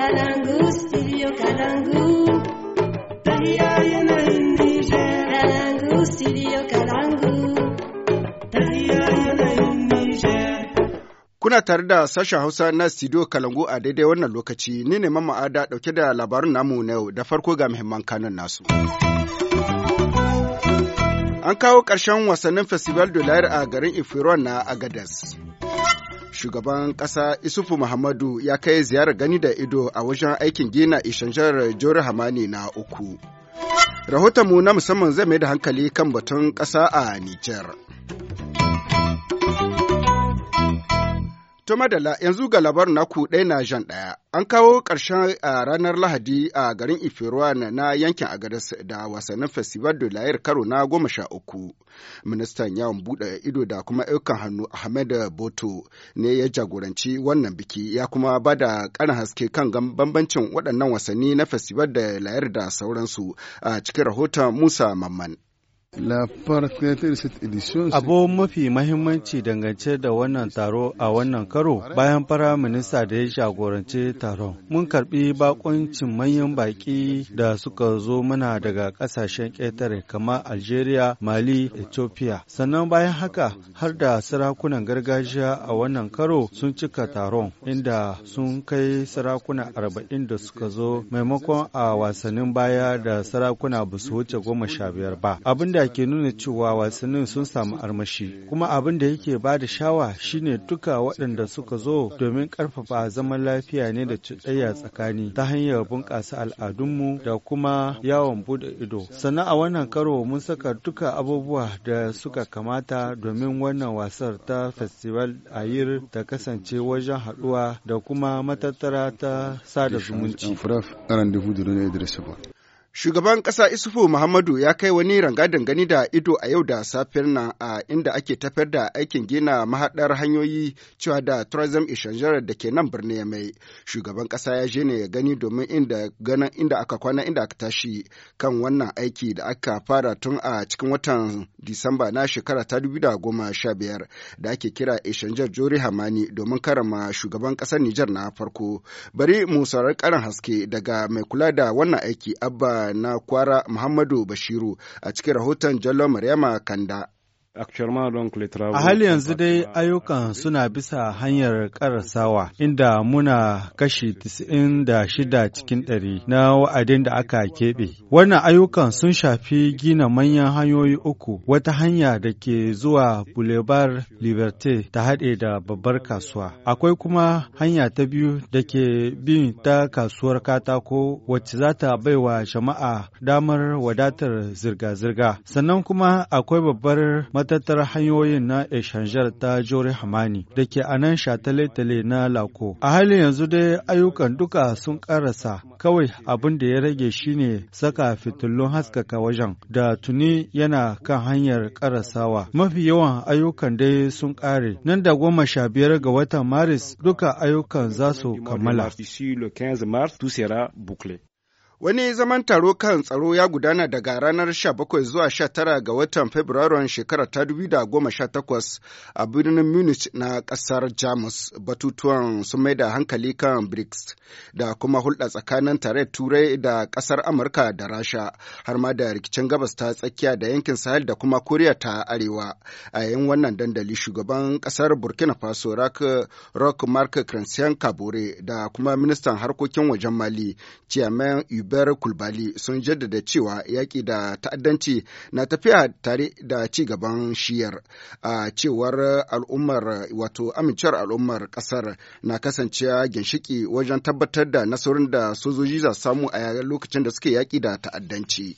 kalangu kuna tare da sashen hausa na studio kalangu a daidai wannan lokaci ni ne mamma ada dauke da labarin namu na yau da farko ga muhimman kanun nasu an kawo ƙarshen wasannin festival dolayar a garin ifiron na agadez. shugaban ƙasa Isufu Muhammadu ya kai ziyarar gani da ido a wajen aikin gina ishanjar Jori Hamani na uku. Rahotonmu na musamman zai mai da hankali kan batun ƙasa a Nijar. To madalla yanzu ga labarin ku ɗaya na jan ɗaya. An kawo ƙarshen a ranar Lahadi a garin Ifiruwa na yankin Agadas da wasannin Festival de Layar karo na goma sha uku. Ministan yawon buɗe ido da kuma ɗaukan hannu Ahmed Boto ne ya jagoranci wannan biki ya kuma ba da ƙarin haske kan bambancin waɗannan wasanni na Festival de Layar da sauransu a cikin rahoton Musa Mamman. Abu mafi mahimmanci dangance da wannan taro a wannan karo bayan fara minista da ya jagorance taron. Mun karbi bakoncin manyan baki da suka zo mana daga kasashen ƙetare kamar Algeria, Mali, Ethiopia. Sannan bayan haka har da sarakunan gargajiya a wannan karo sun cika taron inda sun kai sarakuna arba'in da suka zo maimakon a wasannin baya da sarakuna ba su wuce goma sha biyar ba. Abinda shaida ke nuna cewa wasannin sun samu armashi, kuma abin da yake ba da shawa shine duka waɗanda suka zo domin ƙarfafa zaman lafiya ne da cuɗayya tsakani ta hanyar bunƙasa al'adunmu da kuma yawon buɗe ido. Sannan a wannan karo mun saka duka abubuwa da suka kamata domin wannan wasar ta Festival Ayir ta kasance wajen haɗuwa da kuma matattara ta sada zumunci. Shugaban ƙasa Isufu Muhammadu ya kai wani rangadin gani da ido a yau da safiyar nan a inda ake tafiyar da aikin gina mahaɗar hanyoyi cewa da Tourism Exchange da ke nan birni mai. Shugaban ƙasa ya je ne ya gani domin inda ganin inda aka kwana inda aka tashi kan wannan aiki da aka fara tun a cikin watan Disamba na shekara ta dubu da goma sha biyar da ake kira Exchange Jori Hamani domin karama shugaban ƙasar Nijar na farko. Bari mu saurari ƙarin haske daga mai kula da wannan aiki Abba na kwara Muhammadu Bashiru a cikin rahoton Jallo Maryama Kanda. A hali yanzu dai ayyukan suna bisa hanyar karasawa inda muna kashi 96 cikin ɗari na wa'adin da aka keɓe. Wannan ayyukan sun shafi gina manyan hanyoyi uku wata hanya da ke zuwa Boulevard Liberté ta haɗe da babbar kasuwa. Akwai kuma hanya ta biyu da ke bin ta kasuwar katako wacce za ta baiwa jama'a damar wadatar zirga-zirga. Sannan kuma akwai babbar mata matattarar hanyoyin na Eshanjar ta Jori Hamani da ke a nan shatale-tale na Lako. A halin yanzu dai ayyukan duka sun karasa kawai abin da ya rage shine saka fitilun haskaka wajen da tuni yana kan hanyar karasawa. Mafi yawan ayyukan dai sun kare. Nan da goma sha biyar ga watan Maris duka ayyukan za su kammala. Wani zaman taro kan tsaro ya gudana daga ranar 17 zuwa 19 ga watan Fabrairun shekarar ta da goma sha 2018 a birnin Munich na ƙasar Jamus. Batutuwan sun mai da hankali kan BRICS da kuma hulɗa tsakanin tare Turai da ƙasar Amurka da Rasha, har ma da rikicin gabas ta tsakiya da yankin Sahel da kuma Koriya ta Arewa. A yayin wannan dandali shugaban ƙasar Burkina Faso Rock Mark Kabore da kuma ministan harkokin wajen Mali, Chairman Gilbert Kulbali sun jaddada cewa yaƙi da ta'addanci na tafiya tare da ci gaban shiyar a cewar al'ummar wato amincewar al'ummar ƙasar na kasancewa ginshiƙi wajen tabbatar da nasarorin da sojoji za samu a lokacin da suke yaƙi da ta'addanci.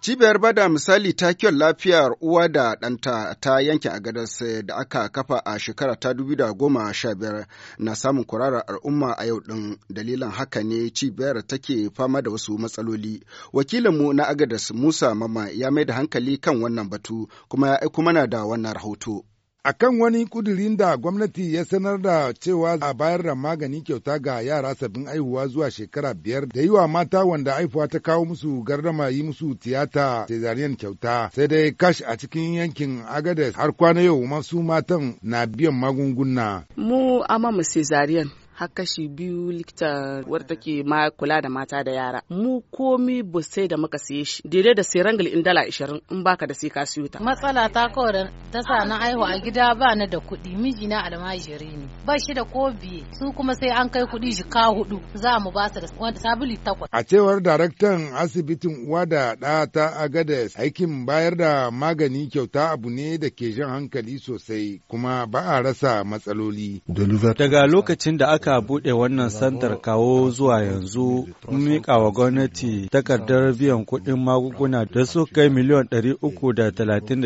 Cibiyar bada misali ta kyon lafiyar uwa da ɗanta ta yanke a agadas da aka kafa a shekara ta goma sha biyar na samun kurarar al'umma a yau ɗin dalilan haka ne cibiyar take fama da wasu matsaloli. Wakilinmu na agadas Musa Mama ya mai da hankali kan wannan batu kuma ya aiko mana da wannan rahoto. A kan wani kudirin da gwamnati ya sanar da cewa a bayar da magani kyauta ga yara sabbin aihuwa zuwa shekara biyar da yi wa mata wanda aihuwa ta kawo musu gardama yi musu tiyata cesarean kyauta sai dai kash a cikin yankin agades har kwana yau masu matan na biyan magunguna. Mu ama mu cesarean har kashi biyu likita wadda take ma kula da mata da yara mu komi ba sai da muka siye shi daidai da sai rangal in dala 20 in baka da sai ka siyo ta matsala ta kawai da ta sa na aihu a gida ba na da kuɗi miji na almajiri ne ba shi da ko biye su kuma sai an kai kuɗi shi ka hudu za mu ba su da wanda sabili takwas a cewar daraktan asibitin uwa da ɗa ta agades aikin bayar da magani kyauta abu ne da ke jan hankali sosai kuma ba a rasa matsaloli daga lokacin da aka aka buɗe wannan santar kawo zuwa yanzu mun miƙa wa gwamnati takardar biyan kuɗin magunguna da su kai miliyan ɗari da talatin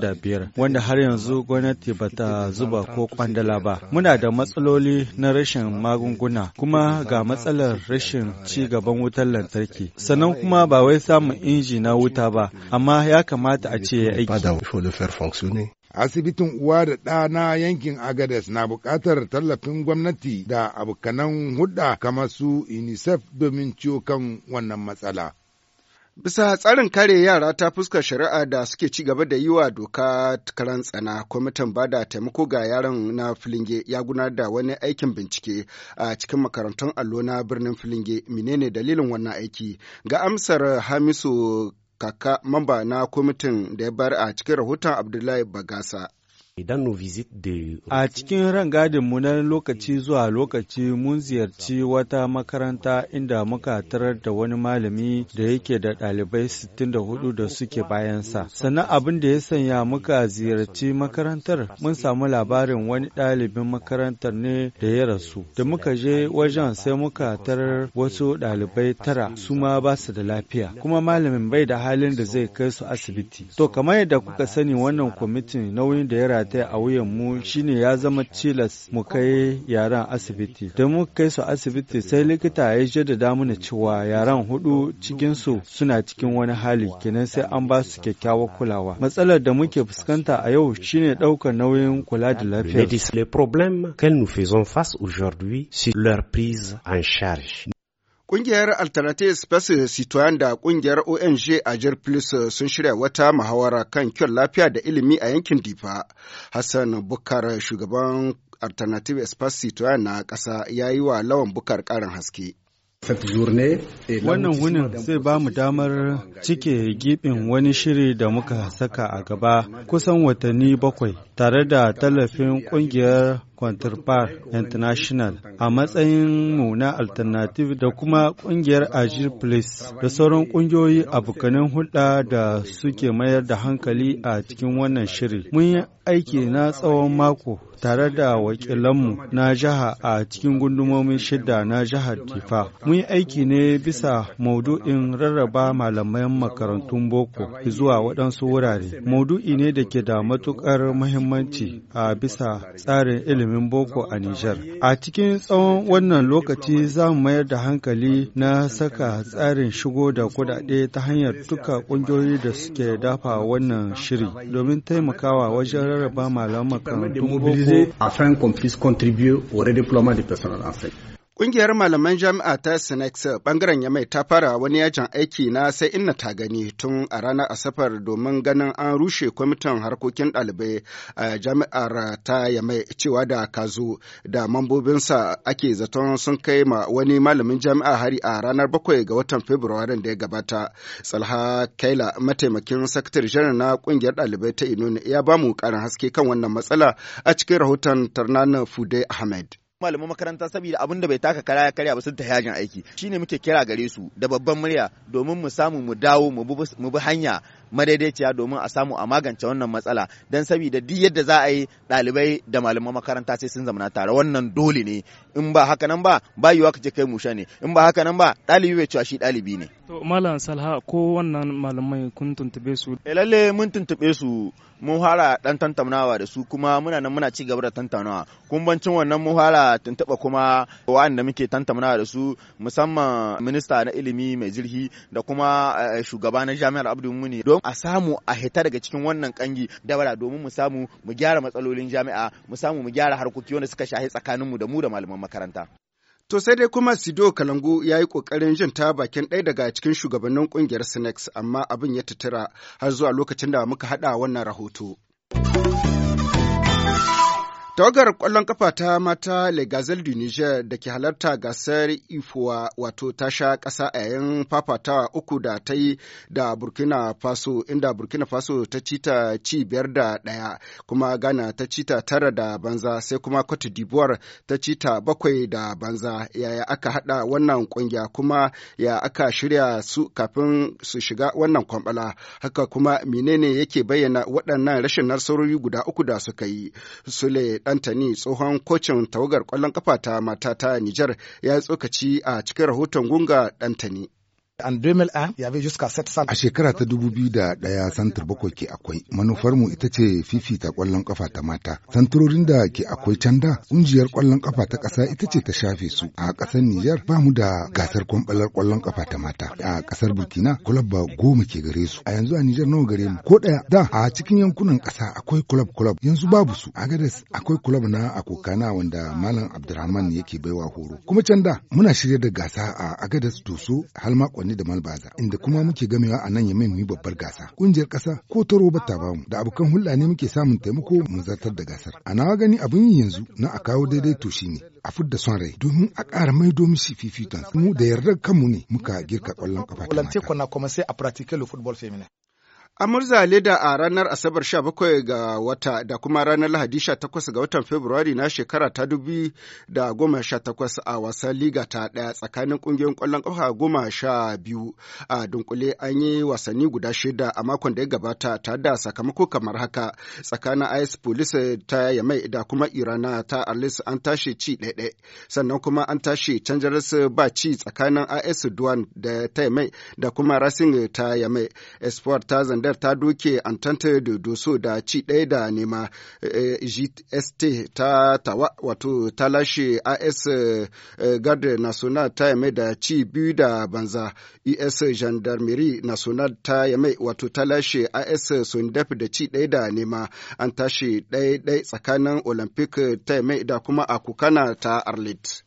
da wanda har yanzu gwamnati ba ta zuba ko kwandala ba. Muna da matsaloli na rashin magunguna kuma ga matsalar rashin ci gaban wutar lantarki. Sannan kuma ba wai samun inji na wuta ba, amma ya kamata a ce ya aiki. asibitin uwa da ɗa na yankin agades na buƙatar tallafin gwamnati da abokanan hudda kamar su unicef domin ciwo kan wannan matsala Bisa tsarin kare yara ta fuskar shari'a da suke ci gaba da yi wa doka karan tsana, kwamitin ba da taimako ga yaran na Filinge ya gudanar da wani aikin bincike a cikin makarantun allo na birnin Filinge. Menene dalilin wannan aiki? Ga amsar Hamisu kaka mamba na kwamitin da ya bari a cikin rahoton Abdullahi Bagasa. A cikin rangadin mu na lokaci zuwa lokaci mun ziyarci wata makaranta inda muka tarar da wani malami da yake da ɗalibai 64 da suke bayansa. Sannan abin da ya sanya muka ziyarci makarantar mun samu labarin wani ɗalibin makarantar ne da ya rasu. Da muka je wajen sai muka tarar wasu ɗalibai tara su ma ba su da lafiya kuma malamin bai da halin da zai kai su asibiti. To kamar yadda kuka sani wannan kwamitin nauyin da ya yi a wuyan mu shine ya zama cilas mu kai yaran asibiti. Da mu kai su asibiti sai likita ya jaddada mana cewa yaran hudu cikinsu suna cikin wani hali kenan sai an ba su kyakkyawar kulawa. Matsalar da muke fuskanta a yau shine ɗaukar nauyin kula da lafiya. Le problème que nous faisons face aujourd'hui, sur leur prise en charge. Ƙungiyar Alternative Space Citoyen da ƙungiyar ONG Ajar Plus sun shirya wata muhawara kan kyon lafiya da ilimi a yankin Difa. Hassan Bukar shugaban Alternative Space Citoyen na ƙasa ya yi wa lawan Bukar ƙarin haske. Wannan wunin zai ba mu damar cike gibin wani shiri da muka saka a gaba kusan watanni bakwai tare da tallafin kungiyar Park International a matsayin mu na Alternative da kuma ƙungiyar Agir Place da sauran ƙungiyoyi abokanen hulɗa da suke mayar da hankali a cikin wannan shiri. Mun yi aiki na tsawon mako tare da wakilanmu na jiha a cikin gundumomin shida na jihar tifa Mun yi aiki ne bisa maudu'in rarraba malaman makarantun boko zuwa waɗansu wurare. Maudu'i ne da ke da matuƙar muhimmanci a bisa tsarin ilimin birnin boko a Nijar. A cikin tsawon wannan lokaci za mu mayar da hankali na saka tsarin shigo da kudade ta hanyar duka ƙungiyoyi da suke dafa wannan shiri domin taimakawa wajen rarraba malamakan makarantun boko. Ƙungiyar malaman jami'a ta Sinex ɓangaren Yamai ta fara wani yajin aiki na sai inna ta gani tun a ranar asafar domin ganin an rushe kwamitin harkokin ɗalibai a jami'ar ta Yamai cewa da kazu da mambobinsa ake zaton sun kai ma wani malamin jami'a hari a ranar bakwai ga watan fabrairu da ya gabata. Salha Kaila mataimakin sakatar janar na ƙungiyar ɗalibai ta inuna ya bamu ƙarin haske kan wannan matsala a cikin rahoton Tarnana Fude Ahmed. malaman makaranta saboda abin da bai taka kara ya karya ba sun ta yajin aiki shine muke kira gare su da babban murya domin mu samu mu dawo mu bi hanya madaidaiciya domin a samu a magance wannan matsala don saboda duk yadda za a yi ɗalibai da malaman makaranta sai sun zamana tare wannan dole ne in ba haka nan ba bayuwa ka je kai musha ne in ba haka nan ba ɗalibi bai cewa shi ɗalibi ne. to malam salha ko wannan malamai kun tuntube su. Eh, lalle mun tuntube su mun fara dan tantamnawa da su kuma muna nan muna ci gaba da tantaunawa kumbancin wannan mun fara tuntuɓa kuma wa'anda muke tantamnawa da su musamman minista na ilimi mai zirhi da kuma eh, shugaba na jami'ar abdul muni don a samu a hita daga cikin wannan kangi dabara domin mu samu mu gyara matsalolin jami'a mu samu mu gyara harkoki wanda suka shahi tsakaninmu da mu da malaman makaranta. To sai dai kuma Sido Kalangu ya yi ƙoƙarin jin ta bakin ɗaya daga cikin shugabannin ƙungiyar Sinex amma abin ya tattara har zuwa lokacin da muka haɗa wannan rahoto. Tawagar kwallon kafa ta mata Legazel du Niger da ke halarta gasar ifuwa wato ta sha ƙasa a yayin fafatawa uku da ta yi da Burkina Faso inda Burkina Faso ta ci ci biyar da ɗaya kuma Ghana ta ci tara da banza sai kuma Cote d'Ivoire ta ci bakwai da banza yaya aka haɗa wannan ƙungiya kuma ya aka shirya su kafin su shiga wannan kwambala haka kuma menene yake bayyana waɗannan rashin nasarori guda uku da suka yi. Sule Anthony tsohon kocin tawagar ƙwallon kafa ta mata ta Nijar ya yi tsokaci a cikin rahoton gunga Anthony. En 2001, y avait jusqu'à 700. A shekara ta dubu biyu da ɗaya santar bakwai ke akwai. Manufarmu ita ce fifita ƙwallon ƙafa ta mata. Santurorin da ke akwai can da ƙungiyar ƙwallon ƙafa ta ƙasa ita ce ta shafe su. A ƙasar Nijar ba mu da gasar kwamɓalar ƙwallon ƙafa ta mata. A ƙasar Burkina kulab ba goma ke gare su. A yanzu a Nijar nawa gare mu? Ko ɗaya da a cikin yankunan ƙasa akwai kulab kulab yanzu babu su. A Gadas akwai kulab na Akokana wanda Malam Abdulrahman yake baiwa horo. Kuma can da muna shirya da gasa a Agadas Doso har amfani da malbaza inda kuma muke gamewa a nan ya mu babbar gasa kungiyar kasa ko ta robar ta bamu da abokan hulɗa ne muke samun taimako mu zartar da gasar a nawa gani abin yi yanzu na a kawo daidaito shine a fidda son rai domin a ƙara mai domin shi fifiton mu da yardar kanmu ne muka girka ƙwallon ƙafa ta mata. Amurza Leda a ranar Asabar 17 ga wata da kuma ranar Lahadi 18 ga watan Fabrairu na shekara ta 2018 a wasan Liga ta ɗaya tsakanin ƙungiyoyin ƙwallon ƙafa goma sha biyu a dunkule an yi wasanni guda shida a makon da ya gabata ta da sakamako kamar haka tsakanin IS Police ta Yamai da kuma Irana ta Arlis an tashi ci ɗaiɗai sannan kuma an tashi canjaras ba ci tsakanin IS Duan da ta Yamai da kuma Racing ta Yamai Espoir ta zanda Nijar ta doke Antante da Doso da ci ɗaya da nema eh, eh, GST ta tawa wato ta lashe AS eh, Garde National ta yame da ci biyu da banza US Gendarmerie National ta yame wato ta lashe AS Sundef da ci ɗaya da nema an tashi ɗaya-ɗaya tsakanin Olympic ta yame da kuma Akukana ta Arlit.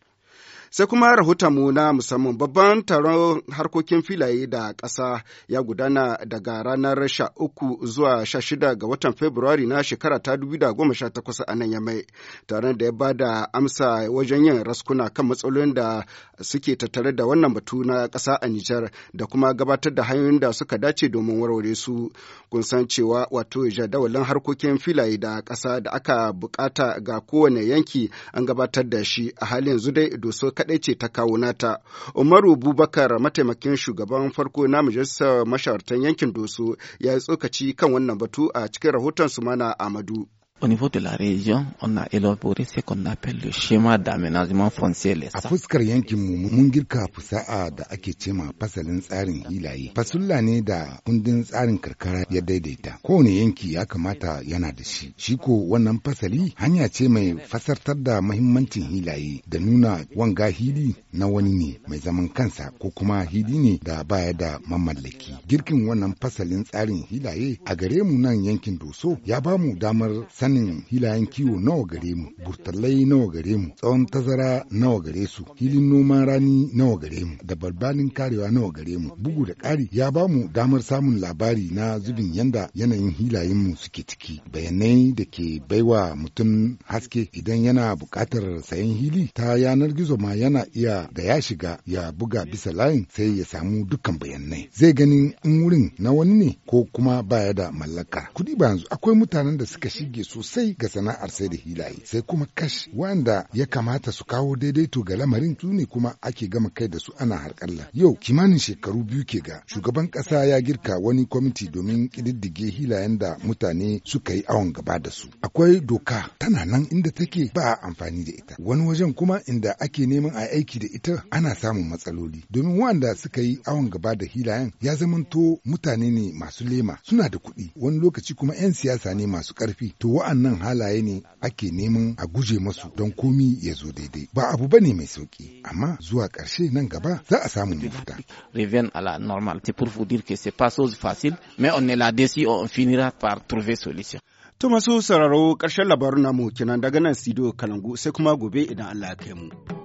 Sai kuma rahotonmu na musamman babban taron harkokin filaye da ƙasa ya gudana daga ranar sha uku zuwa sha shida ga watan februari na shekara ta dubu da goma sha takwas a nan Yamai. Taron da ya ba da amsa wajen yin raskuna kan matsalolin da suke tattare da wannan batu na ƙasa a Nijar da kuma gabatar da hanyoyin da suka dace domin warware su. Kun san cewa wato jadawalin harkokin filaye da ƙasa da aka bukata ga kowane yanki an gabatar da shi a halin yanzu dai doso kaɗai ce ta kawo nata. Umaru Bubakar mataimakin shugaban farko na majalisar mashawartan yankin Doso ya yi tsokaci kan wannan batu a cikin rahoton Sumana Amadu. Au niveau e de la région, on a élaboré ce qu'on appelle le schéma d'aménagement foncier. a fuskar mu mun girka fusa'a da ake cema fasalin tsarin hilaye. Fasulla ne da kundin tsarin karkara ya daidaita. Kowane yanki ya kamata yana da shi. Shi ko wannan fasali hanya ce mai fasartar da mahimmancin hilaye da nuna wanga hili na wani ne mai zaman kansa ko kuma hili ne da baya da mamallaki. Girkin wannan fasalin tsarin hilaye a gare mu nan yankin Doso ya bamu damar san kimanin hilayen kiwo nawa gare mu burtalai nawa gare mu tsawon tazara nawa gare su filin noman rani nawa gare mu da barbanin karewa nawa gare mu bugu da ƙari ya ba mu damar samun labari na zubin yanda yanayin hilayen mu suke ciki bayanai da ke baiwa mutum haske idan yana buƙatar sayan hili ta yanar gizo ma yana iya da ya shiga ya buga bisa layin sai ya samu dukkan bayanai zai ganin in wurin na wani ne ko kuma baya da mallaka kuɗi ba yanzu akwai mutanen da suka shige su sosai ga sana'ar sai da hilaye sai kuma kash wanda ya kamata su kawo daidaito ga lamarin su ne kuma ake gama kai da su ana harkalla yau kimanin shekaru biyu ke ga shugaban ƙasa ya girka wani kwamiti domin kididdige hilayen da mutane suka yi awon gaba da su akwai doka tana nan inda take ba amfani da ita wani wajen kuma inda ake neman a aiki da ita ana samun matsaloli domin wanda suka yi awon gaba da hilayen ya zamanto mutane ne masu lema suna da kuɗi wani lokaci kuma 'yan siyasa ne masu ƙarfi to wa'annan halaye ne ake neman a guje masu don komi ya zo daidai ba abu bane mai sauki amma zuwa ƙarshe nan gaba za a samu mafita reven à la normale c'est pour vous dire que c'est pas chose facile mais on est là dessus on finira par trouver solution to masu sauraro ƙarshen labarun namu kenan daga nan studio kalangu sai kuma gobe idan Allah ya kai mu